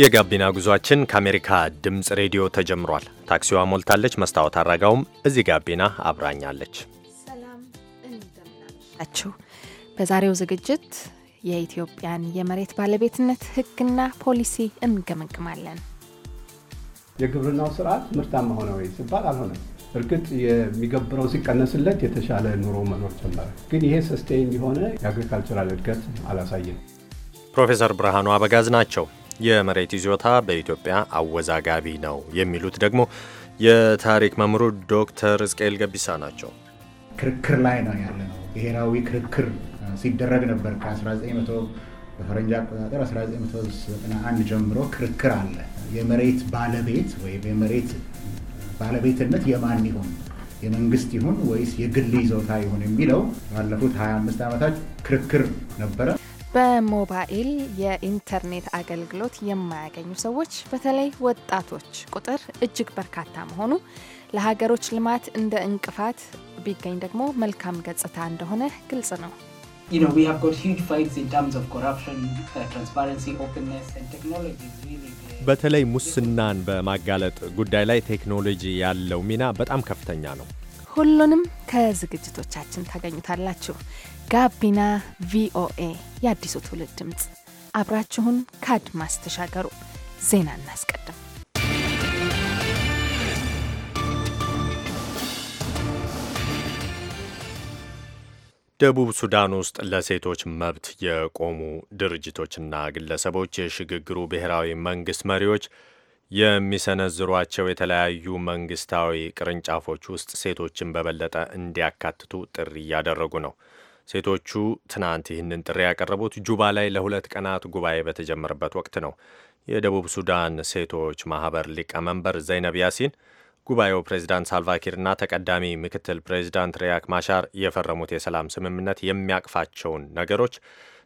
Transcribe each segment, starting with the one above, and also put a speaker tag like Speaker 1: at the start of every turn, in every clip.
Speaker 1: የጋቢና ጉዟችን ከአሜሪካ ድምፅ ሬዲዮ ተጀምሯል። ታክሲዋ ሞልታለች። መስታወት አራጋውም እዚህ ጋቢና አብራኛለች። ሰላም
Speaker 2: በዛሬው ዝግጅት የኢትዮጵያን የመሬት ባለቤትነት ሕግና ፖሊሲ እንገመግማለን።
Speaker 3: የግብርናው ስርዓት ምርታማ ሆነ ወይ ሲባል አልሆነም። እርግጥ የሚገብረው ሲቀነስለት የተሻለ ኑሮ መኖር ጀመረ። ግን ይሄ ሰስቴን የሆነ የአግሪካልቸራል እድገት አላሳየም።
Speaker 1: ፕሮፌሰር ብርሃኑ አበጋዝ ናቸው። የመሬት ይዞታ በኢትዮጵያ አወዛጋቢ ነው የሚሉት ደግሞ የታሪክ መምህሩ ዶክተር እስቅኤል ገቢሳ ናቸው።
Speaker 4: ክርክር ላይ ነው ያለ ነው። ብሔራዊ ክርክር ሲደረግ ነበር ከ1900 በፈረንጅ አቆጣጠር 1991 ጀምሮ ክርክር አለ። የመሬት ባለቤት ወይም የመሬት ባለቤትነት የማን ይሁን የመንግስት ይሁን ወይስ የግል ይዞታ ይሁን የሚለው ባለፉት 25 ዓመታት ክርክር ነበረ።
Speaker 2: በሞባይል የኢንተርኔት አገልግሎት የማያገኙ ሰዎች በተለይ ወጣቶች ቁጥር እጅግ በርካታ መሆኑ ለሀገሮች ልማት እንደ እንቅፋት ቢገኝ ደግሞ መልካም ገጽታ እንደሆነ ግልጽ ነው።
Speaker 4: uh,
Speaker 1: በተለይ ሙስናን በማጋለጥ ጉዳይ ላይ ቴክኖሎጂ ያለው ሚና በጣም ከፍተኛ ነው።
Speaker 2: ሁሉንም ከዝግጅቶቻችን ታገኙታላችሁ። ጋቢና ቪኦኤ የአዲሱ ትውልድ ድምፅ፣ አብራችሁን ከአድማስ ተሻገሩ። ዜና እናስቀድም።
Speaker 1: ደቡብ ሱዳን ውስጥ ለሴቶች መብት የቆሙ ድርጅቶችና ግለሰቦች የሽግግሩ ብሔራዊ መንግስት መሪዎች የሚሰነዝሯቸው የተለያዩ መንግስታዊ ቅርንጫፎች ውስጥ ሴቶችን በበለጠ እንዲያካትቱ ጥሪ እያደረጉ ነው። ሴቶቹ ትናንት ይህንን ጥሪ ያቀረቡት ጁባ ላይ ለሁለት ቀናት ጉባኤ በተጀመረበት ወቅት ነው። የደቡብ ሱዳን ሴቶች ማህበር ሊቀመንበር ዘይነብ ያሲን ጉባኤው ፕሬዚዳንት ሳልቫኪርና ተቀዳሚ ምክትል ፕሬዚዳንት ሪያክ ማሻር የፈረሙት የሰላም ስምምነት የሚያቅፋቸውን ነገሮች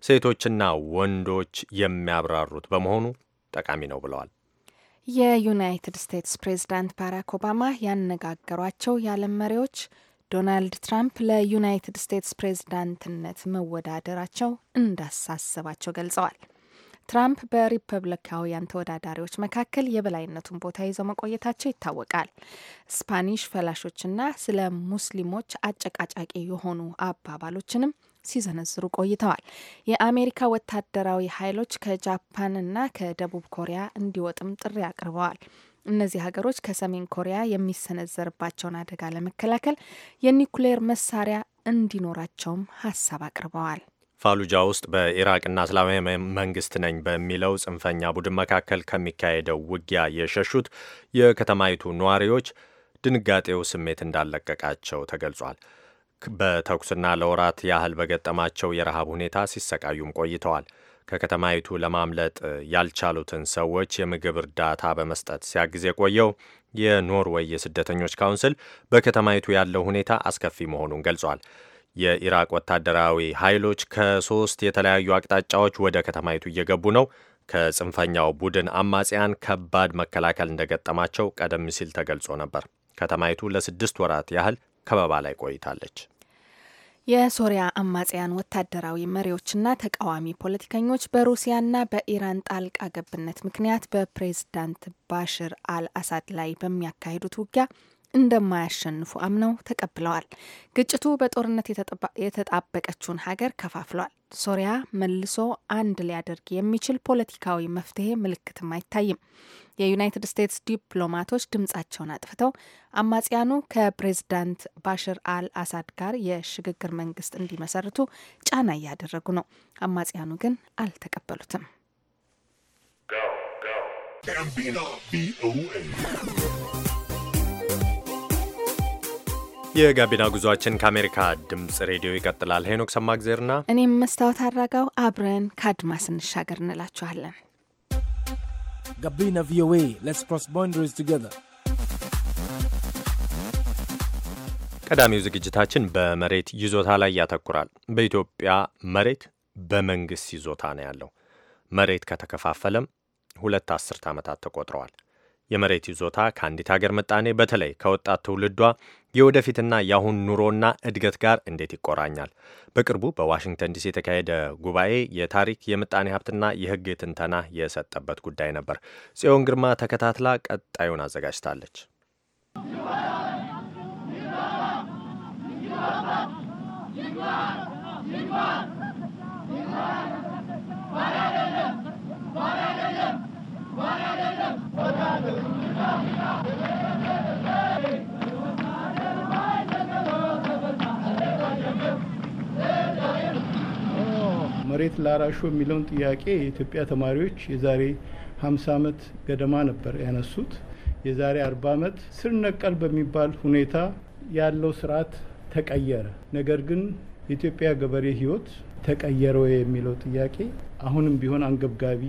Speaker 1: ሴቶችና ወንዶች የሚያብራሩት በመሆኑ ጠቃሚ ነው ብለዋል።
Speaker 2: የዩናይትድ ስቴትስ ፕሬዚዳንት ባራክ ኦባማ ያነጋገሯቸው የዓለም መሪዎች ዶናልድ ትራምፕ ለዩናይትድ ስቴትስ ፕሬዝዳንትነት መወዳደራቸው እንዳሳሰባቸው ገልጸዋል። ትራምፕ በሪፐብሊካውያን ተወዳዳሪዎች መካከል የበላይነቱን ቦታ ይዘው መቆየታቸው ይታወቃል። ስፓኒሽ ፈላሾችና ስለ ሙስሊሞች አጨቃጫቂ የሆኑ አባባሎችንም ሲዘነዝሩ ቆይተዋል። የአሜሪካ ወታደራዊ ኃይሎች ከጃፓንና ከደቡብ ኮሪያ እንዲወጥም ጥሪ አቅርበዋል። እነዚህ ሀገሮች ከሰሜን ኮሪያ የሚሰነዘርባቸውን አደጋ ለመከላከል የኒኩሌር መሳሪያ እንዲኖራቸውም ሀሳብ አቅርበዋል።
Speaker 1: ፋሉጃ ውስጥ በኢራቅና እስላማዊ መንግስት ነኝ በሚለው ጽንፈኛ ቡድን መካከል ከሚካሄደው ውጊያ የሸሹት የከተማይቱ ነዋሪዎች ድንጋጤው ስሜት እንዳለቀቃቸው ተገልጿል። በተኩስና ለወራት ያህል በገጠማቸው የረሃብ ሁኔታ ሲሰቃዩም ቆይተዋል። ከከተማይቱ ለማምለጥ ያልቻሉትን ሰዎች የምግብ እርዳታ በመስጠት ሲያግዝ የቆየው የኖርዌይ የስደተኞች ካውንስል በከተማይቱ ያለው ሁኔታ አስከፊ መሆኑን ገልጿል። የኢራቅ ወታደራዊ ኃይሎች ከሶስት የተለያዩ አቅጣጫዎች ወደ ከተማይቱ እየገቡ ነው። ከጽንፈኛው ቡድን አማጽያን ከባድ መከላከል እንደገጠማቸው ቀደም ሲል ተገልጾ ነበር። ከተማይቱ ለስድስት ወራት ያህል ከበባ ላይ ቆይታለች።
Speaker 2: የሶሪያ አማጽያን ወታደራዊ መሪዎችና ተቃዋሚ ፖለቲከኞች በሩሲያና በኢራን ጣልቃ ገብነት ምክንያት በፕሬዝዳንት ባሽር አል አሳድ ላይ በሚያካሂዱት ውጊያ እንደማያሸንፉ አምነው ተቀብለዋል። ግጭቱ በጦርነት የተጣበቀችውን ሀገር ከፋፍሏል። ሶሪያ መልሶ አንድ ሊያደርግ የሚችል ፖለቲካዊ መፍትሄ ምልክትም አይታይም። የዩናይትድ ስቴትስ ዲፕሎማቶች ድምጻቸውን አጥፍተው አማጽያኑ ከፕሬዝዳንት ባሽር አል አሳድ ጋር የሽግግር መንግስት እንዲመሰርቱ ጫና እያደረጉ ነው። አማጽያኑ ግን አልተቀበሉትም።
Speaker 1: የጋቢና ጉዟችን ከአሜሪካ ድምጽ ሬዲዮ ይቀጥላል። ሄኖክ ሰማግዜርና
Speaker 2: እኔም መስታወት አራጋው አብረን ከአድማስ እንሻገር እንላችኋለን። Gabina VOA. Let's cross boundaries
Speaker 3: together.
Speaker 1: ቀዳሚው ዝግጅታችን በመሬት ይዞታ ላይ ያተኩራል። በኢትዮጵያ መሬት በመንግሥት ይዞታ ነው ያለው። መሬት ከተከፋፈለም ሁለት አስርት ዓመታት ተቆጥረዋል። የመሬት ይዞታ ከአንዲት ሀገር ምጣኔ በተለይ ከወጣት ትውልዷ የወደፊትና የአሁን ኑሮና እድገት ጋር እንዴት ይቆራኛል? በቅርቡ በዋሽንግተን ዲሲ የተካሄደ ጉባኤ የታሪክ የምጣኔ ሀብትና የሕግ ትንተና የሰጠበት ጉዳይ ነበር። ጽዮን ግርማ ተከታትላ ቀጣዩን አዘጋጅታለች።
Speaker 5: ይግባባ! ይግባባ! ይግባባ!
Speaker 6: መሬት ላራሹ የሚለውን ጥያቄ የኢትዮጵያ ተማሪዎች የዛሬ 50 ዓመት ገደማ ነበር ያነሱት። የዛሬ 40 ዓመት ስር ነቀል በሚባል ሁኔታ ያለው ስርዓት ተቀየረ። ነገር ግን የኢትዮጵያ ገበሬ ህይወት ተቀየረ ወይ የሚለው ጥያቄ አሁንም ቢሆን አንገብጋቢ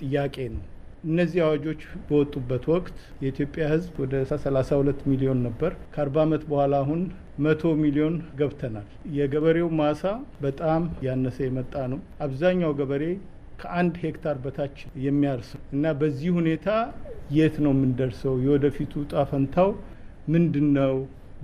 Speaker 6: ጥያቄ ነው። እነዚህ አዋጆች በወጡበት ወቅት የኢትዮጵያ ህዝብ ወደ 32 ሚሊዮን ነበር። ከ40 ዓመት በኋላ አሁን መቶ ሚሊዮን ገብተናል። የገበሬው ማሳ በጣም ያነሰ የመጣ ነው። አብዛኛው ገበሬ ከአንድ ሄክታር በታች የሚያርስ እና በዚህ ሁኔታ የት ነው የምንደርሰው? የወደፊቱ ጣፈንታው ምንድን ነው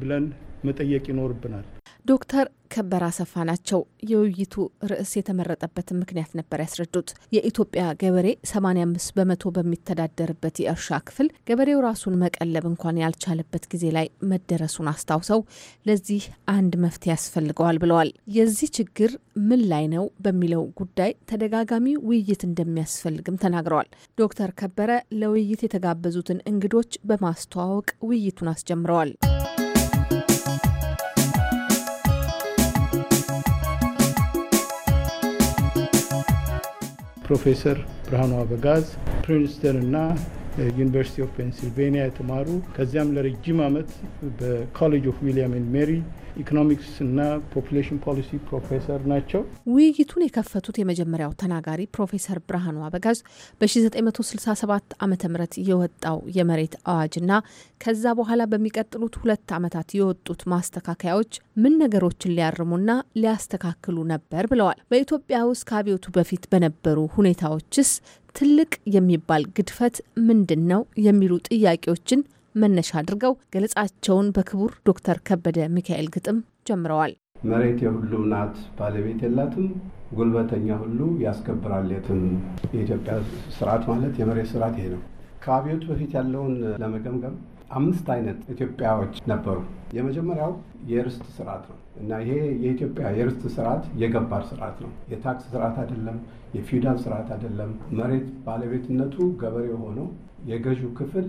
Speaker 6: ብለን መጠየቅ ይኖርብናል።
Speaker 7: ዶክተር ከበረ አሰፋ ናቸው። የውይይቱ ርዕስ የተመረጠበትን ምክንያት ነበር ያስረዱት። የኢትዮጵያ ገበሬ 85 በመቶ በሚተዳደርበት የእርሻ ክፍል ገበሬው ራሱን መቀለብ እንኳን ያልቻለበት ጊዜ ላይ መደረሱን አስታውሰው ለዚህ አንድ መፍትሄ ያስፈልገዋል ብለዋል። የዚህ ችግር ምን ላይ ነው በሚለው ጉዳይ ተደጋጋሚ ውይይት እንደሚያስፈልግም ተናግረዋል። ዶክተር ከበረ ለውይይት የተጋበዙትን እንግዶች በማስተዋወቅ ውይይቱን አስጀምረዋል።
Speaker 6: ፕሮፌሰር ብርሃኑ አበጋዝ ፕሪንስተን እና ዩኒቨርሲቲ ኦፍ ፔንሲልቬኒያ የተማሩ ከዚያም ለረጅም ዓመት በኮሌጅ ኦፍ ዊሊያም ን ሜሪ ኢኮኖሚክስ እና ፖፑሌሽን ፖሊሲ ፕሮፌሰር ናቸው።
Speaker 7: ውይይቱን የከፈቱት የመጀመሪያው ተናጋሪ ፕሮፌሰር ብርሃኑ አበጋዝ በ1967 ዓ ም የወጣው የመሬት አዋጅና ከዛ በኋላ በሚቀጥሉት ሁለት ዓመታት የወጡት ማስተካከያዎች ምን ነገሮችን ሊያርሙና ሊያስተካክሉ ነበር ብለዋል። በኢትዮጵያ ውስጥ ከአብዮቱ በፊት በነበሩ ሁኔታዎችስ ትልቅ የሚባል ግድፈት ምንድን ነው የሚሉ ጥያቄዎችን መነሻ አድርገው ገለጻቸውን በክቡር ዶክተር ከበደ ሚካኤል ግጥም ጀምረዋል። መሬት የሁሉም
Speaker 3: ናት፣ ባለቤት የላትም፣ ጉልበተኛ ሁሉ ያስከብራል የትም። የኢትዮጵያ ስርዓት ማለት የመሬት ስርዓት ይሄ ነው። ከአብዮት በፊት ያለውን ለመገምገም አምስት አይነት ኢትዮጵያዎች ነበሩ። የመጀመሪያው የርስት ስርዓት ነው እና ይሄ የኢትዮጵያ የርስት ስርዓት የገባር ስርዓት ነው። የታክስ ስርዓት አይደለም። የፊውዳል ስርዓት አይደለም። መሬት ባለቤትነቱ ገበሬው ሆነው የገዢው ክፍል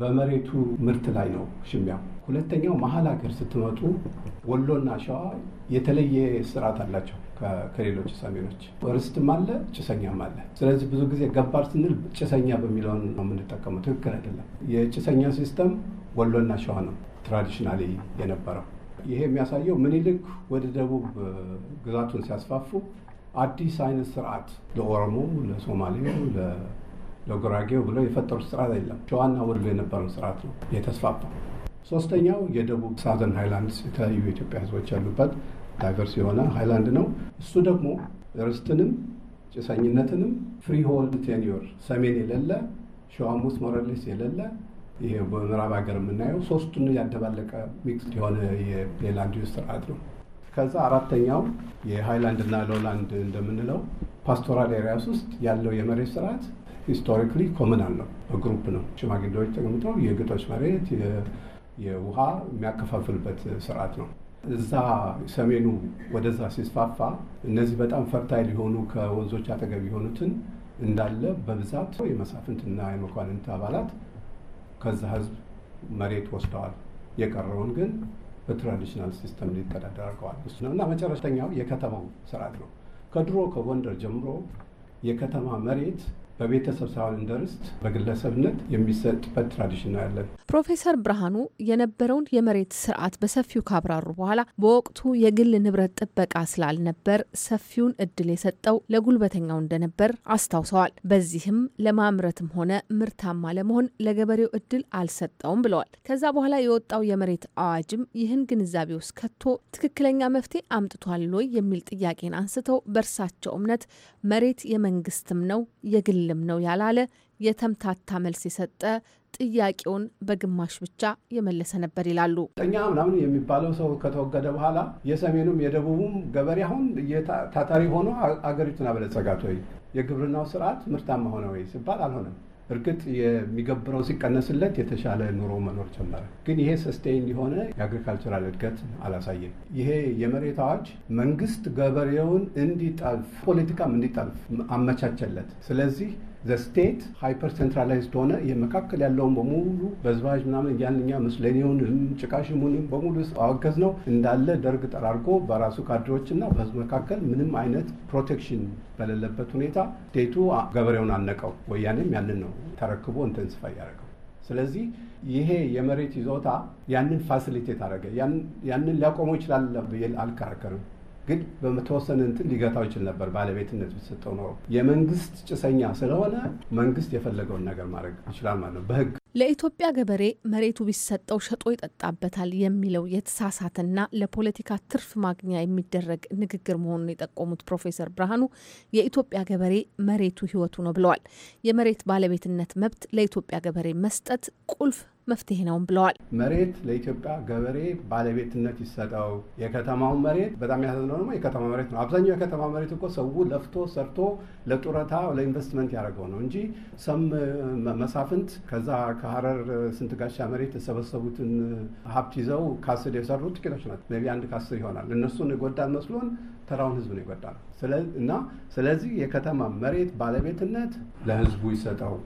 Speaker 3: በመሬቱ ምርት ላይ ነው ሽሚያው። ሁለተኛው መሀል ሀገር ስትመጡ ወሎና ሸዋ የተለየ ስርዓት አላቸው ከሌሎች ሰሜኖች። ርስትም አለ፣ ጭሰኛም አለ። ስለዚህ ብዙ ጊዜ ገባር ስንል ጭሰኛ በሚለውን ነው የምንጠቀመው። ትክክል አይደለም። የጭሰኛ ሲስተም ወሎና ሸዋ ነው ትራዲሽናሊ የነበረው። ይሄ የሚያሳየው ምኒልክ ወደ ደቡብ ግዛቱን ሲያስፋፉ አዲስ አይነት ስርዓት ለኦሮሞ፣ ለሶማሌው ለጉራጌው ብለው የፈጠሩት ስርዓት የለም። ሸዋና ወሎ የነበረው ስርዓት ነው የተስፋፋው። ሶስተኛው የደቡብ ሳዘን ሃይላንድስ የተለያዩ የኢትዮጵያ ህዝቦች ያሉበት ዳይቨርስ የሆነ ሃይላንድ ነው። እሱ ደግሞ ርስትንም ጭሰኝነትንም ፍሪሆልድ ቴኒዮር ሰሜን የሌለ ሸዋም ውስጥ ሞረሌስ የሌለ ይሄ በምዕራብ ሀገር የምናየው ሶስቱን ያደባለቀ ሚክስ የሆነ የላንድ ዩዝ ስርዓት ነው። ከዛ አራተኛው የሃይላንድ እና ሎላንድ እንደምንለው ፓስቶራል ኤሪያስ ውስጥ ያለው የመሬት ስርዓት ሂስቶሪካሊ ኮመናል ነው። በግሩፕ ነው ሽማግሌዎች ተቀምጠው የግጦሽ መሬት የውሃ የሚያከፋፍልበት ስርዓት ነው። እዛ ሰሜኑ ወደዛ ሲስፋፋ እነዚህ በጣም ፈርታይል የሆኑ ከወንዞች አጠገብ የሆኑትን እንዳለ በብዛት የመሳፍንትና የመኳንንት አባላት ከዛ ህዝብ መሬት ወስደዋል። የቀረውን ግን በትራዲሽናል ሲስተም ሊተዳደር አድርገዋል ነው እና መጨረሻኛው የከተማው ስርዓት ነው። ከድሮ ከጎንደር ጀምሮ የከተማ መሬት በቤተሰብ ሳይሆን እንደ ርስት በግለሰብነት የሚሰጥበት ትራዲሽን ያለን።
Speaker 7: ፕሮፌሰር ብርሃኑ የነበረውን የመሬት ስርዓት በሰፊው ካብራሩ በኋላ በወቅቱ የግል ንብረት ጥበቃ ስላልነበር ሰፊውን እድል የሰጠው ለጉልበተኛው እንደነበር አስታውሰዋል። በዚህም ለማምረትም ሆነ ምርታማ ለመሆን ለገበሬው እድል አልሰጠውም ብለዋል። ከዛ በኋላ የወጣው የመሬት አዋጅም ይህን ግንዛቤ ውስጥ ከቶ ትክክለኛ መፍትሄ አምጥቷል ወይ የሚል ጥያቄን አንስተው በእርሳቸው እምነት መሬት የመንግስትም ነው የግል የለም ነው ያላለ የተምታታ መልስ የሰጠ ጥያቄውን በግማሽ ብቻ የመለሰ ነበር ይላሉ። ጠኛ ምናምን
Speaker 3: የሚባለው ሰው ከተወገደ በኋላ የሰሜኑም የደቡቡም ገበሬ አሁን ታታሪ ሆኖ አገሪቱን አበለጸጋት ወይ? የግብርናው ስርዓት ምርታማ ሆነ ወይ ሲባል አልሆነም። እርግጥ የሚገብረው ሲቀነስለት የተሻለ ኑሮ መኖር ጀመረ። ግን ይሄ ሰስቴይን የሆነ የአግሪካልቸራል እድገት አላሳየም። ይሄ የመሬት አዋጅ መንግስት ገበሬውን እንዲጠልፍ ፖለቲካም እንዲጠልፍ አመቻቸለት። ስለዚህ ዘስቴት ሃይፐር ሴንትራላይዝድ ሆነ የመካከል ያለውን በሙሉ በዝባዥ ምናምን ያንኛ ምስለኔውን ጭቃሽሙንም በሙሉ አወገዝ ነው እንዳለ ደርግ ጠራርጎ በራሱ ካድሮች እና በህዝብ መካከል ምንም አይነት ፕሮቴክሽን በሌለበት ሁኔታ ስቴቱ ገበሬውን አነቀው። ወያኔም ያንን ነው ተረክቦ ኢንተንስፋ ያደረገው። ስለዚህ ይሄ የመሬት ይዞታ ያንን ፋሲሊቴት አደረገ። ያንን ሊያቆመው ይችላል ብዬ አልከራከርም። ግን በተወሰነ እንትን ሊገታው ይችል ነበር። ባለቤትነት ብትሰጠው ኖሮ የመንግስት ጭሰኛ ስለሆነ መንግስት የፈለገውን ነገር ማድረግ ይችላል ማለት ነው በህግ
Speaker 7: ለኢትዮጵያ ገበሬ መሬቱ ቢሰጠው ሸጦ ይጠጣበታል የሚለው የተሳሳተና ለፖለቲካ ትርፍ ማግኛ የሚደረግ ንግግር መሆኑን የጠቆሙት ፕሮፌሰር ብርሃኑ የኢትዮጵያ ገበሬ መሬቱ ህይወቱ ነው ብለዋል። የመሬት ባለቤትነት መብት ለኢትዮጵያ ገበሬ መስጠት ቁልፍ መፍትሄ ነውም ብለዋል። መሬት
Speaker 3: ለኢትዮጵያ ገበሬ ባለቤትነት ይሰጠው። የከተማውን መሬት በጣም ያሳዝነው ደግሞ የከተማ መሬት ነው። አብዛኛው የከተማ መሬት እኮ ሰው ለፍቶ ሰርቶ ለጡረታ ለኢንቨስትመንት ያደረገው ነው እንጂ ሰም መሳፍንት ከዛ ከሀረር ስንት ጋሻ መሬት የሰበሰቡትን ሀብት ይዘው ካስል የሰሩት ጥቂቶች ናቸው። ቢ አንድ ካስል ይሆናል። እነሱን የጎዳን መስሎን ተራውን ህዝብ ነው ይጎዳል እና ስለዚህ የከተማ መሬት ባለቤትነት ለህዝቡ ይሰጠው።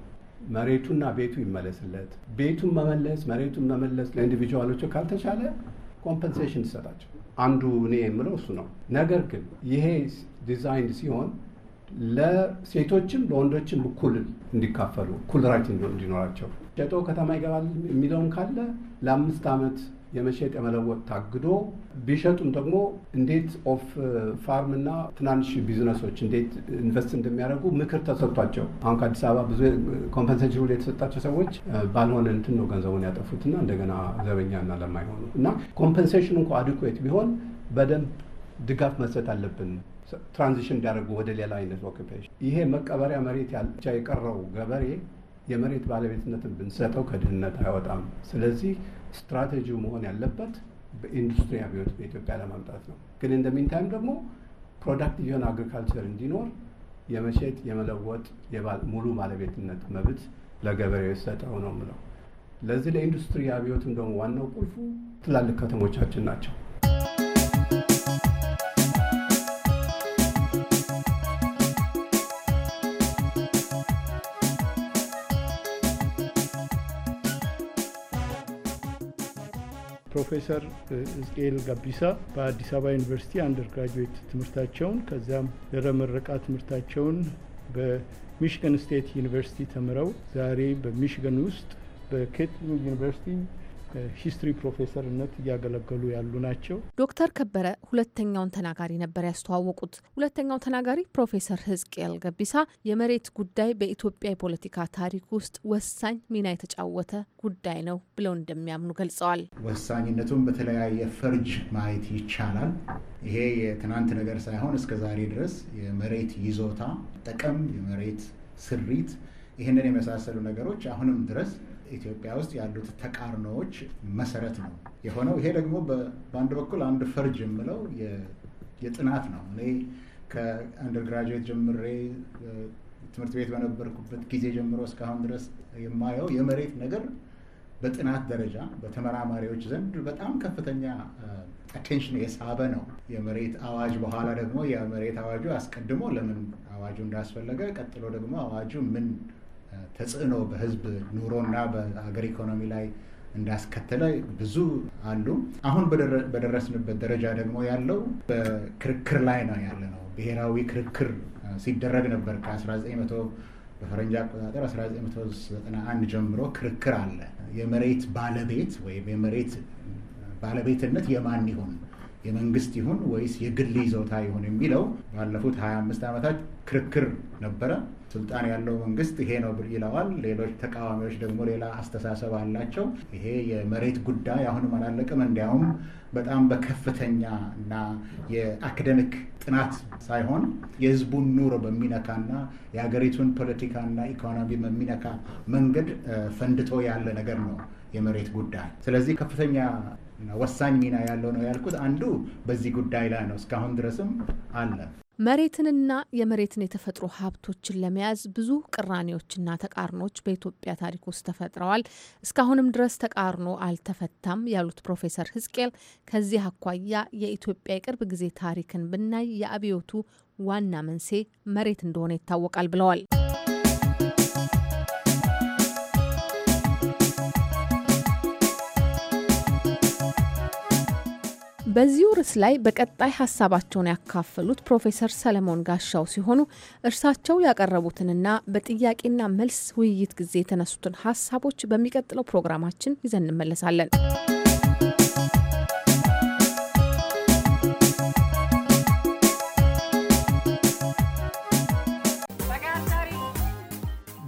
Speaker 3: መሬቱና ቤቱ ይመለስለት። ቤቱን መመለስ መሬቱን መመለስ ለኢንዲቪጁዋሎቹ ካልተቻለ ኮምፐንሴሽን ይሰጣቸው። አንዱ እኔ የምለው እሱ ነው። ነገር ግን ይሄ ዲዛይን ሲሆን ለሴቶችም ለወንዶችም እኩል እንዲካፈሉ እኩል ራይት እንዲኖራቸው ሸጦ ከተማ ይገባል የሚለውን ካለ ለአምስት ዓመት የመሸጥ የመለወጥ ታግዶ ቢሸጡም ደግሞ እንዴት ኦፍ ፋርም እና ትናንሽ ቢዝነሶች እንዴት ኢንቨስት እንደሚያደርጉ ምክር ተሰጥቷቸው አሁን ከአዲስ አበባ ብዙ ኮምፐንሴሽን ሁሉ የተሰጣቸው ሰዎች ባልሆነ እንትን ነው ገንዘቡን ያጠፉትና እንደገና ዘበኛና ለማይሆኑ እና ኮምፐንሴሽን እንኳ አዲኩዌት ቢሆን በደንብ ድጋፍ መስጠት አለብን። ትራንዚሽን እንዲያደርጉ ወደ ሌላ አይነት ኦኪፔሽን። ይሄ መቀበሪያ መሬት ያልቻ የቀረው ገበሬ የመሬት ባለቤትነትን ብንሰጠው ከድህነት አይወጣም። ስለዚህ ስትራቴጂው መሆን ያለበት በኢንዱስትሪ አብዮት በኢትዮጵያ ለማምጣት ነው። ግን እንደሚንታይም ደግሞ ፕሮዳክቲቭ የሆነ አግሪካልቸር እንዲኖር የመሸጥ የመለወጥ ሙሉ ባለቤትነት መብት ለገበሬው የሰጠው ነው ምለው። ለዚህ ለኢንዱስትሪ አብዮትም ደግሞ ዋናው ቁልፉ ትላልቅ ከተሞቻችን ናቸው።
Speaker 6: ፕሮፌሰር እዝቅኤል ጋቢሳ በአዲስ አበባ ዩኒቨርሲቲ አንደር ግራጁዌት ትምህርታቸውን ከዚያም ድህረ ምረቃ ትምህርታቸውን በሚሽገን ስቴት ዩኒቨርሲቲ ተምረው ዛሬ በሚሽገን ውስጥ በኬትሪንግ ዩኒቨርሲቲ ሂስትሪ ፕሮፌሰርነት እያገለገሉ ያሉ ናቸው።
Speaker 7: ዶክተር ከበረ ሁለተኛውን ተናጋሪ ነበር ያስተዋወቁት። ሁለተኛው ተናጋሪ ፕሮፌሰር ህዝቅኤል ገቢሳ የመሬት ጉዳይ በኢትዮጵያ የፖለቲካ ታሪክ ውስጥ ወሳኝ ሚና የተጫወተ ጉዳይ ነው ብለው እንደሚያምኑ ገልጸዋል።
Speaker 4: ወሳኝነቱን በተለያየ ፈርጅ ማየት ይቻላል። ይሄ የትናንት ነገር ሳይሆን እስከ ዛሬ ድረስ የመሬት ይዞታ ጥቅም፣ የመሬት ስሪት፣ ይህንን የመሳሰሉ ነገሮች አሁንም ድረስ ኢትዮጵያ ውስጥ ያሉት ተቃርኖዎች መሰረት ነው የሆነው። ይሄ ደግሞ በአንድ በኩል አንድ ፈርጅ የምለው የጥናት ነው። እኔ ከአንደርግራጅዌት ጀምሬ ትምህርት ቤት በነበርኩበት ጊዜ ጀምሮ እስካሁን ድረስ የማየው የመሬት ነገር በጥናት ደረጃ በተመራማሪዎች ዘንድ በጣም ከፍተኛ አቴንሽን የሳበ ነው። የመሬት አዋጅ በኋላ ደግሞ የመሬት አዋጁ አስቀድሞ ለምን አዋጁ እንዳስፈለገ፣ ቀጥሎ ደግሞ አዋጁ ምን ተጽዕኖ በህዝብ ኑሮና በሀገር ኢኮኖሚ ላይ እንዳስከተለ ብዙ አሉ። አሁን በደረስንበት ደረጃ ደግሞ ያለው በክርክር ላይ ነው ያለ ነው። ብሔራዊ ክርክር ሲደረግ ነበር ከ1900 በፈረንጅ አቆጣጠር 1991 ጀምሮ ክርክር አለ። የመሬት ባለቤት ወይም የመሬት ባለቤትነት የማን ይሁን የመንግስት ይሁን ወይስ የግል ይዞታ ይሁን የሚለው ባለፉት 25 ዓመታት ክርክር ነበረ። ስልጣን ያለው መንግስት ይሄ ነው ይለዋል። ሌሎች ተቃዋሚዎች ደግሞ ሌላ አስተሳሰብ አላቸው። ይሄ የመሬት ጉዳይ አሁንም አላለቅም። እንዲያውም በጣም በከፍተኛ እና የአካደሚክ ጥናት ሳይሆን የህዝቡን ኑሮ በሚነካና የሀገሪቱን ፖለቲካና ኢኮኖሚ በሚነካ መንገድ ፈንድቶ ያለ ነገር ነው የመሬት ጉዳይ። ስለዚህ ከፍተኛ ወሳኝ ሚና ያለው ነው ያልኩት አንዱ በዚህ ጉዳይ ላይ ነው። እስካሁን ድረስም አለ።
Speaker 7: መሬትንና የመሬትን የተፈጥሮ ሀብቶችን ለመያዝ ብዙ ቅራኔዎችና ተቃርኖች በኢትዮጵያ ታሪክ ውስጥ ተፈጥረዋል፣ እስካሁንም ድረስ ተቃርኖ አልተፈታም ያሉት ፕሮፌሰር ህዝቅኤል ከዚህ አኳያ የኢትዮጵያ የቅርብ ጊዜ ታሪክን ብናይ የአብዮቱ ዋና መንስኤ መሬት እንደሆነ ይታወቃል ብለዋል። በዚሁ ርዕስ ላይ በቀጣይ ሀሳባቸውን ያካፈሉት ፕሮፌሰር ሰለሞን ጋሻው ሲሆኑ እርሳቸው ያቀረቡትንና በጥያቄና መልስ ውይይት ጊዜ የተነሱትን ሀሳቦች በሚቀጥለው ፕሮግራማችን ይዘን እንመለሳለን።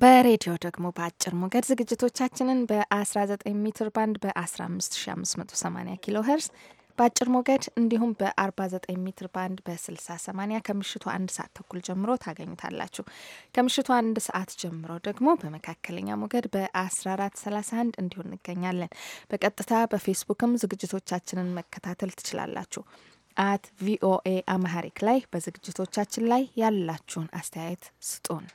Speaker 2: በሬዲዮ ደግሞ በአጭር ሞገድ ዝግጅቶቻችንን በ19 ሜትር ባንድ በ15580 ኪሎ ሄርስ በአጭር ሞገድ እንዲሁም በ49 ሜትር ባንድ በ6080 ከምሽቱ አንድ ሰዓት ተኩል ጀምሮ ታገኙታላችሁ። ከምሽቱ አንድ ሰዓት ጀምሮ ደግሞ በመካከለኛ ሞገድ በ1431 እንዲሁ እንገኛለን። በቀጥታ በፌስቡክም ዝግጅቶቻችንን መከታተል ትችላላችሁ። አት ቪኦኤ አማሐሪክ ላይ በዝግጅቶቻችን ላይ ያላችሁን አስተያየት ስጡን።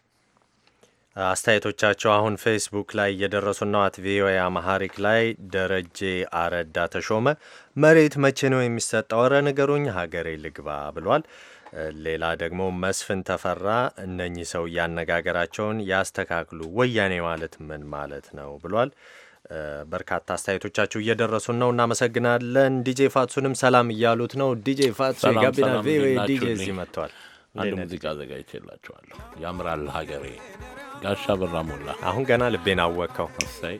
Speaker 1: አስተያየቶቻቸው አሁን ፌስቡክ ላይ እየደረሱ ነው። አት ቪኦኤ ላይ ደረጄ አረዳ ተሾመ መሬት መቼ ነው የሚሰጠው? ኧረ ንገሩኝ ሀገሬ ልግባ ብሏል። ሌላ ደግሞ መስፍን ተፈራ እነኚህ ሰው እያነጋገራቸውን ያስተካክሉ፣ ወያኔ ማለት ምን ማለት ነው ብሏል። በርካታ አስተያየቶቻችሁ እየደረሱን ነው። እናመሰግናለን። ዲጄ ፋትሱንም ሰላም እያሉት ነው። ዲጄ ፋትሱ የጋቢና ቪኦኤ ዲጄ እዚህ መጥተዋል። አንድ ሙዚቃ አዘጋጅቼላችኋለሁ። ያምራል ሀገሬ ጋሻ በራ ሞላ። አሁን ገና ልቤን አወቀው። እሰይ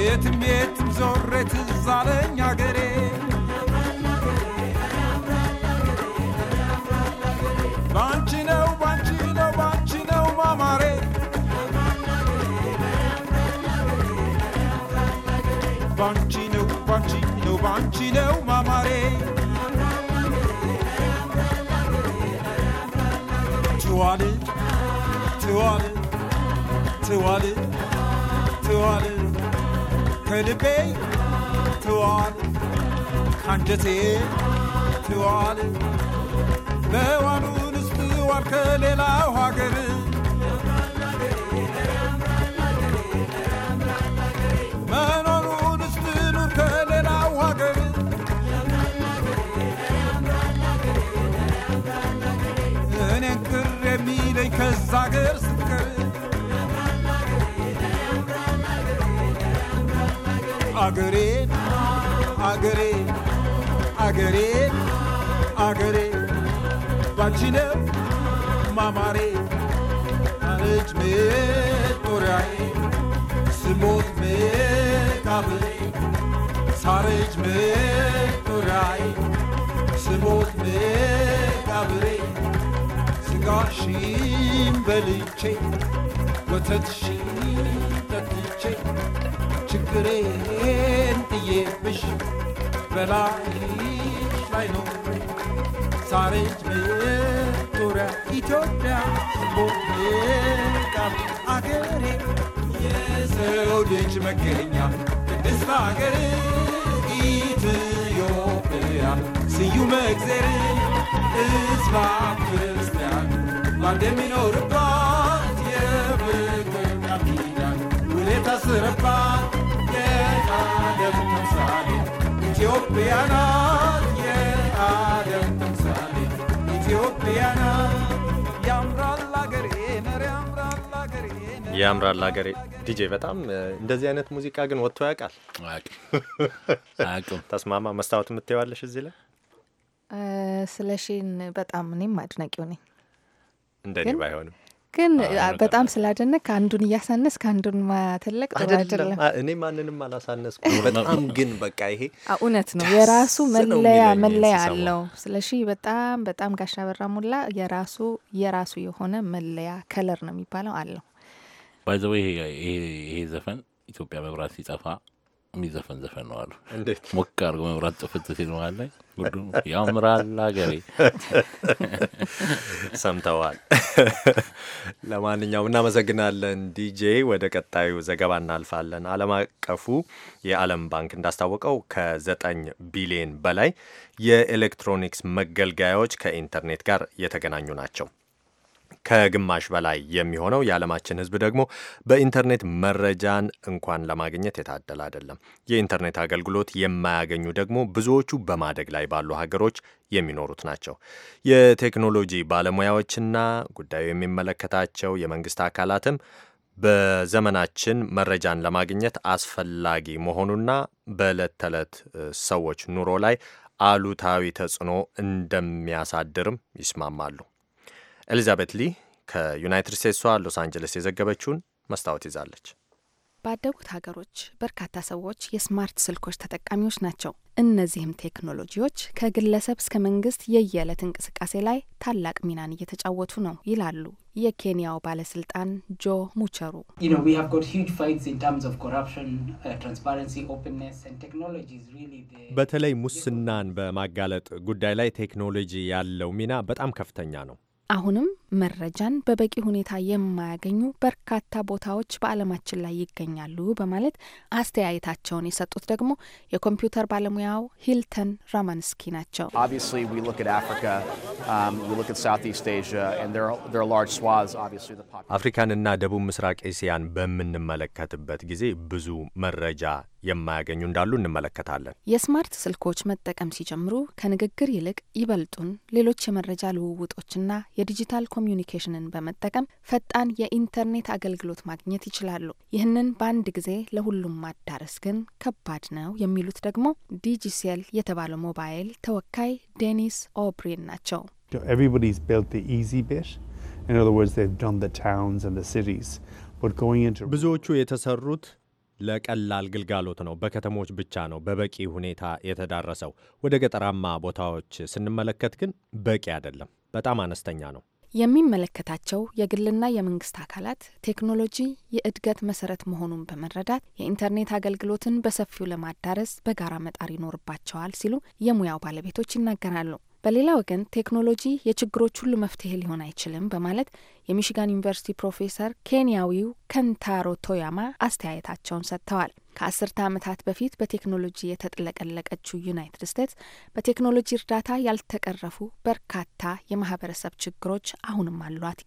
Speaker 8: የትም የትም ዞሬ ትዝ አለኝ አገሬ Tuwadi, Tuwadi, Tuwadi, Tuwadi. Could it be? Tuwadi, can't you see? Tuwadi. They want to see what could they allow, what could ሀገር ስትቀር አገሬ አገሬ አገሬ አገሬ ባንቺ ነው ማማሬ አረጅ መጦሪያዬ ስሞት መቃብሬ ሳረጅ መጦሪያዬ ስሞት መቃብሬ gashim veliche Gotat shita tiche Chikren tiye vish Vela ish vay no pre Sarej agere Yese o dich kenya Isla agere Ite yo pe ya Si yu me ማን የሚኖርባት ኪዳን ውል የታሰረባት ኢትዮጵያ ናት። ኢትዮጵያ ናት። ያምራል አገሬ ነር
Speaker 1: ያምራል አገሬ ያምራል አገሬ ዲጄ በጣም እንደዚህ አይነት ሙዚቃ ግን ወጥቶ ያውቃል? አያውቅም። ተስማማ መስታወት የምትዋለሽ እዚህ ላይ
Speaker 2: ስለሽን በጣም እኔም አድናቂው ነኝ።
Speaker 1: እንደኔ ባይሆንም
Speaker 2: ግን በጣም ስላደነቅ አንዱን እያሳነስ ከአንዱን ማተለቅ ጥሩ አይደለም።
Speaker 1: እኔ ማንንም አላሳነስ። በጣም ግን በቃ ይሄ
Speaker 2: እውነት ነው። የራሱ መለያ መለያ አለው። ስለሺህ በጣም በጣም ጋሻ በራ ሙላ የራሱ የራሱ የሆነ መለያ ከለር ነው የሚባለው አለው።
Speaker 1: ባይዘወ ይሄ ዘፈን
Speaker 4: ኢትዮጵያ መብራት ሲጠፋ የሚዘፈን ዘፈን ነው አሉ።
Speaker 1: እንዴት ሞቅ አድርጎ መብራት ጥፍት ሲል መሀል ላይ ሁሉም ያምራል አገሬ ሰምተዋል። ለማንኛውም እናመሰግናለን ዲጄ። ወደ ቀጣዩ ዘገባ እናልፋለን። ዓለም አቀፉ የዓለም ባንክ እንዳስታወቀው ከዘጠኝ ቢሊዮን በላይ የኤሌክትሮኒክስ መገልገያዎች ከኢንተርኔት ጋር የተገናኙ ናቸው። ከግማሽ በላይ የሚሆነው የዓለማችን ሕዝብ ደግሞ በኢንተርኔት መረጃን እንኳን ለማግኘት የታደለ አይደለም። የኢንተርኔት አገልግሎት የማያገኙ ደግሞ ብዙዎቹ በማደግ ላይ ባሉ ሀገሮች የሚኖሩት ናቸው። የቴክኖሎጂ ባለሙያዎችና ጉዳዩ የሚመለከታቸው የመንግስት አካላትም በዘመናችን መረጃን ለማግኘት አስፈላጊ መሆኑና በዕለት ተዕለት ሰዎች ኑሮ ላይ አሉታዊ ተጽዕኖ እንደሚያሳድርም ይስማማሉ። ኤሊዛቤት ሊ ከዩናይትድ ስቴትሷ ሎስ አንጀለስ የዘገበችውን መስታወት ይዛለች።
Speaker 2: ባደጉት ሀገሮች በርካታ ሰዎች የስማርት ስልኮች ተጠቃሚዎች ናቸው። እነዚህም ቴክኖሎጂዎች ከግለሰብ እስከ መንግስት የየዕለት እንቅስቃሴ ላይ ታላቅ ሚናን እየተጫወቱ ነው ይላሉ የኬንያው ባለስልጣን ጆ ሙቸሩ። uh,
Speaker 1: በተለይ ሙስናን በማጋለጥ ጉዳይ ላይ ቴክኖሎጂ ያለው ሚና በጣም ከፍተኛ ነው።
Speaker 2: አሁንም መረጃን በበቂ ሁኔታ የማያገኙ በርካታ ቦታዎች በዓለማችን ላይ ይገኛሉ በማለት አስተያየታቸውን የሰጡት ደግሞ የኮምፒውተር ባለሙያው ሂልተን ራማንስኪ
Speaker 4: ናቸው።
Speaker 1: አፍሪካንና um, ደቡብ ምስራቅ ኤስያን በምንመለከትበት ጊዜ ብዙ መረጃ የማያገኙ እንዳሉ እንመለከታለን።
Speaker 2: የስማርት ስልኮች መጠቀም ሲጀምሩ ከንግግር ይልቅ ይበልጡን ሌሎች የመረጃ ልውውጦችና የዲጂታል ኮሚዩኒኬሽንን በመጠቀም ፈጣን የኢንተርኔት አገልግሎት ማግኘት ይችላሉ። ይህንን በአንድ ጊዜ ለሁሉም ማዳረስ ግን ከባድ ነው የሚሉት ደግሞ ዲጂሴል የተባለው ሞባይል ተወካይ ዴኒስ ኦብሪን ናቸው።
Speaker 1: ብዙዎቹ የተሰሩት ለቀላል ግልጋሎት ነው። በከተሞች ብቻ ነው በበቂ ሁኔታ የተዳረሰው። ወደ ገጠራማ ቦታዎች ስንመለከት ግን በቂ አይደለም፣ በጣም አነስተኛ ነው።
Speaker 2: የሚመለከታቸው የግልና የመንግስት አካላት ቴክኖሎጂ የእድገት መሰረት መሆኑን በመረዳት የኢንተርኔት አገልግሎትን በሰፊው ለማዳረስ በጋራ መጣር ይኖርባቸዋል ሲሉ የሙያው ባለቤቶች ይናገራሉ። በሌላ ወገን ቴክኖሎጂ የችግሮች ሁሉ መፍትሄ ሊሆን አይችልም በማለት የሚሽጋን ዩኒቨርሲቲ ፕሮፌሰር ኬንያዊው ከንታሮ ቶያማ አስተያየታቸውን ሰጥተዋል። ከአስርተ ዓመታት በፊት በቴክኖሎጂ የተጥለቀለቀችው ዩናይትድ ስቴትስ በቴክኖሎጂ እርዳታ ያልተቀረፉ በርካታ የማህበረሰብ ችግሮች አሁንም አሏት።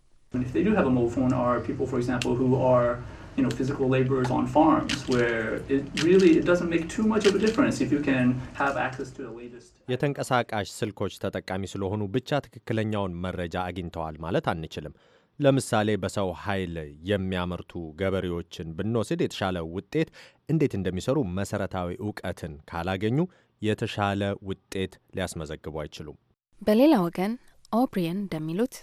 Speaker 1: የተንቀሳቃሽ ስልኮች ተጠቃሚ ስለሆኑ ብቻ ትክክለኛውን መረጃ አግኝተዋል ማለት አንችልም። ለምሳሌ በሰው ኃይል የሚያመርቱ ገበሬዎችን ብንወስድ የተሻለ ውጤት እንዴት እንደሚሰሩ መሰረታዊ እውቀትን ካላገኙ የተሻለ ውጤት ሊያስመዘግቡ አይችሉም።
Speaker 2: በሌላ ወገን ኦብሪየን እንደሚሉት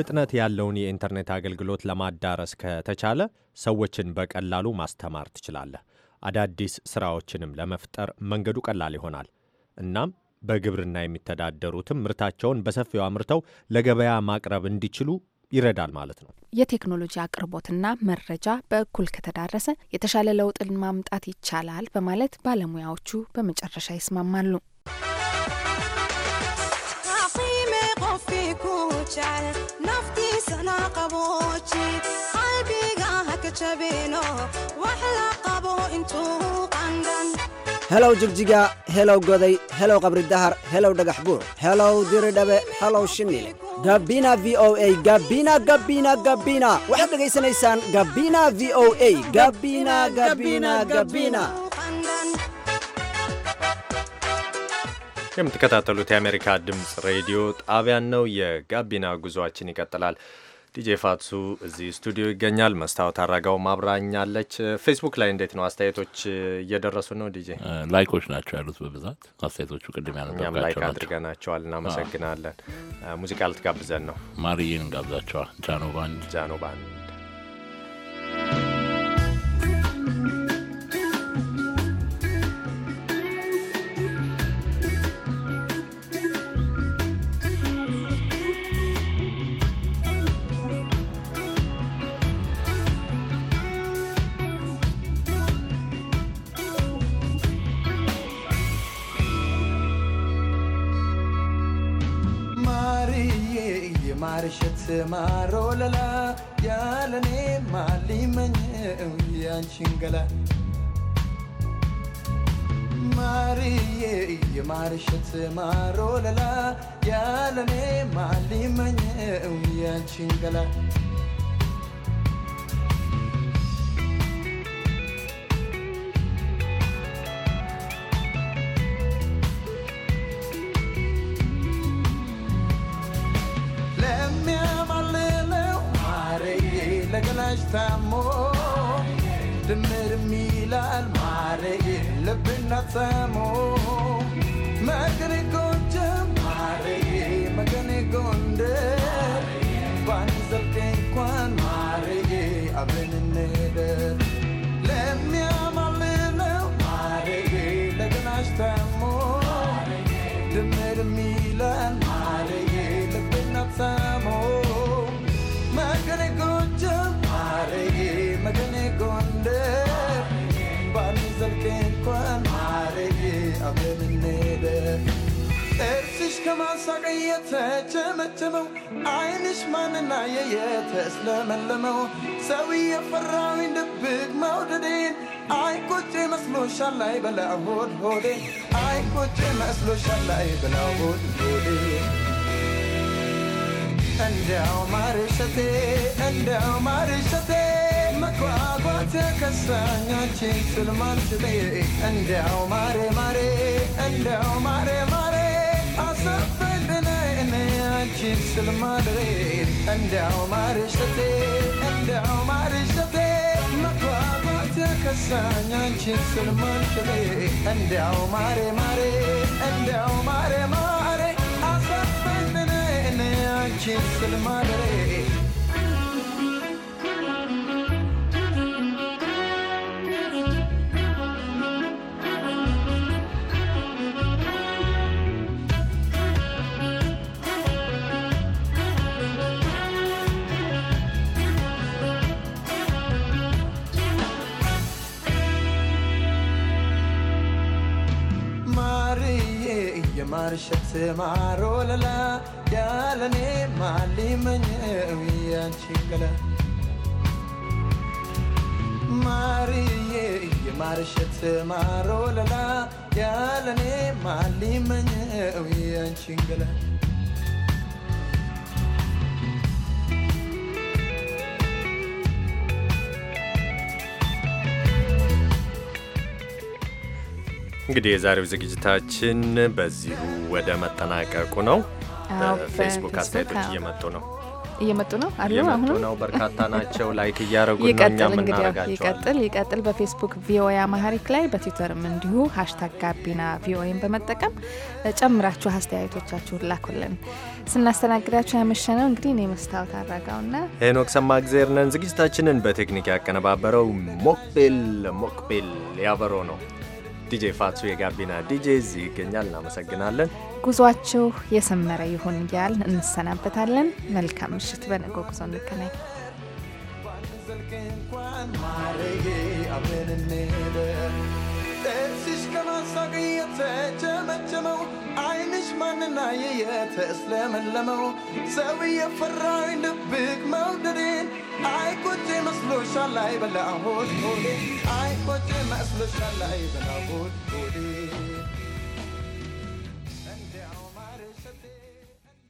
Speaker 1: ፍጥነት ያለውን የኢንተርኔት አገልግሎት ለማዳረስ ከተቻለ ሰዎችን በቀላሉ ማስተማር ትችላለህ። አዳዲስ ስራዎችንም ለመፍጠር መንገዱ ቀላል ይሆናል። እናም በግብርና የሚተዳደሩትም ምርታቸውን በሰፊው አምርተው ለገበያ ማቅረብ እንዲችሉ ይረዳል ማለት ነው።
Speaker 2: የቴክኖሎጂ አቅርቦትና መረጃ በእኩል ከተዳረሰ የተሻለ ለውጥን ማምጣት ይቻላል በማለት ባለሙያዎቹ በመጨረሻ ይስማማሉ።
Speaker 8: ቀቦች helow jigjiga helow goday helow qabri dahar helow dhagax buur helow diri dhabe helow shimil gabina v o a gabina gabina gabina waxaad dhegaysanaysaan gabina v o a gabina gabina gabina
Speaker 1: የምትከታተሉት የአሜሪካ ድምፅ ሬዲዮ ጣቢያን ነው። የጋቢና ጉዞአችን ይቀጥላል። ዲጄ ፋቱ እዚህ ስቱዲዮ ይገኛል። መስታወት አራጋው ማብራኛለች። ፌስቡክ ላይ እንዴት ነው አስተያየቶች እየደረሱ ነው? ዲጄ
Speaker 6: ላይኮች ናቸው ያሉት በብዛት አስተያየቶቹ፣ ቅድም ያነበብናቸውም ላይክ አድርገናቸዋል። እናመሰግናለን።
Speaker 1: ሙዚቃ ልትጋብዘን ነው? ማርዬን እንጋብዛቸዋል። ጃኖ ባንድ ጃኖ ባንድ
Speaker 8: የማርሸት ማሮ ለላ ያለሜ ማሊመኘው ያንቺን ገላ ለሚያማልለው ማሬ ለገላሽ ታሞ ድምር ሚላል ማሬ ልብና ታሞ மகனை கொண்டு மாறையே மகனை கொண்டு ባንዘልቅ እንኳን ማርዬ አብረን እንሄድ ለሚያማልለው ማርዬ ለገናሽ ታሞ ድምር የሚለን ማርዬ ሄደ ጥርስሽ ከማሳቅ የተጨመጨመው ዓይንሽ ማንና የተስለመለመው ሰው የፈራዊን ድብቅ መውደዴን አይቆጭ መስሎሻል ላይ በላ ሆዴ አይቆጭ መስሎሻል ላይ በላ ሆድ ሆዴ እንዲያው መጓጓት ከሳኛችን ስልማንስጤ እንደው ማሬ ማሬ እንደው ማሬ ማሬ አሰፈንድነ እኔ አንቺን ስልማድሬ እንደው ማርሽቴ እንደው ማርሽቴ መጓጓት ከሳኛችን ስልማንስጤ እንደው ማሬ ማሬ እንደው ማሬ ማሬ አሰፈንድነ እኔ አንቺን ስልማድሬ ምሽት ማሮ ለላ ያለኔ ማሊመኘው ያንቺ ማርዬ የማርሸት ማሮ ያለኔ ማሊመኘው ያንቺ
Speaker 1: እንግዲህ የዛሬው ዝግጅታችን በዚሁ ወደ መጠናቀቁ ነው።
Speaker 2: ፌስቡክ አስተያየቶች እየመጡ ነው እየመጡ ነው አሉ። ነው
Speaker 1: በርካታ ናቸው። ላይክ እያደረጉ ይቀጥል እንግዲህ ይቀጥል
Speaker 2: ይቀጥል። በፌስቡክ ቪኦኤ አማሪክ ላይ በትዊተርም እንዲሁ ሀሽታግ ጋቢና ቪኦኤን በመጠቀም ጨምራችሁ አስተያየቶቻችሁን ላኩልን። ስናስተናግዳችሁ ያመሸነው እንግዲህ እኔ መስታወት ና
Speaker 1: ሄኖክ ሰማ እግዜር ነን። ዝግጅታችንን በቴክኒክ ያቀነባበረው ሞቅቤል ሞቅቤል ያበሮ ነው። ዲጄ ፋቱ የጋቢና ዲጄ እዚህ ይገኛል። እናመሰግናለን።
Speaker 2: ጉዟችሁ የሰመረ ይሁን እያል እንሰናበታለን። መልካም ምሽት። በነገው ጉዞ እንገናኝ።
Speaker 8: I'm የተጨመጨመው ዓይንሽ ማንና የየተ ስለመለመው ሰው የፈራኝ ድብቅ መውደዴን አይቆጭ መስሎሻል አይበላ ሆድ ሆዴ አይቆጭ መስሎሻል አይበላ ሆድ ሆዴ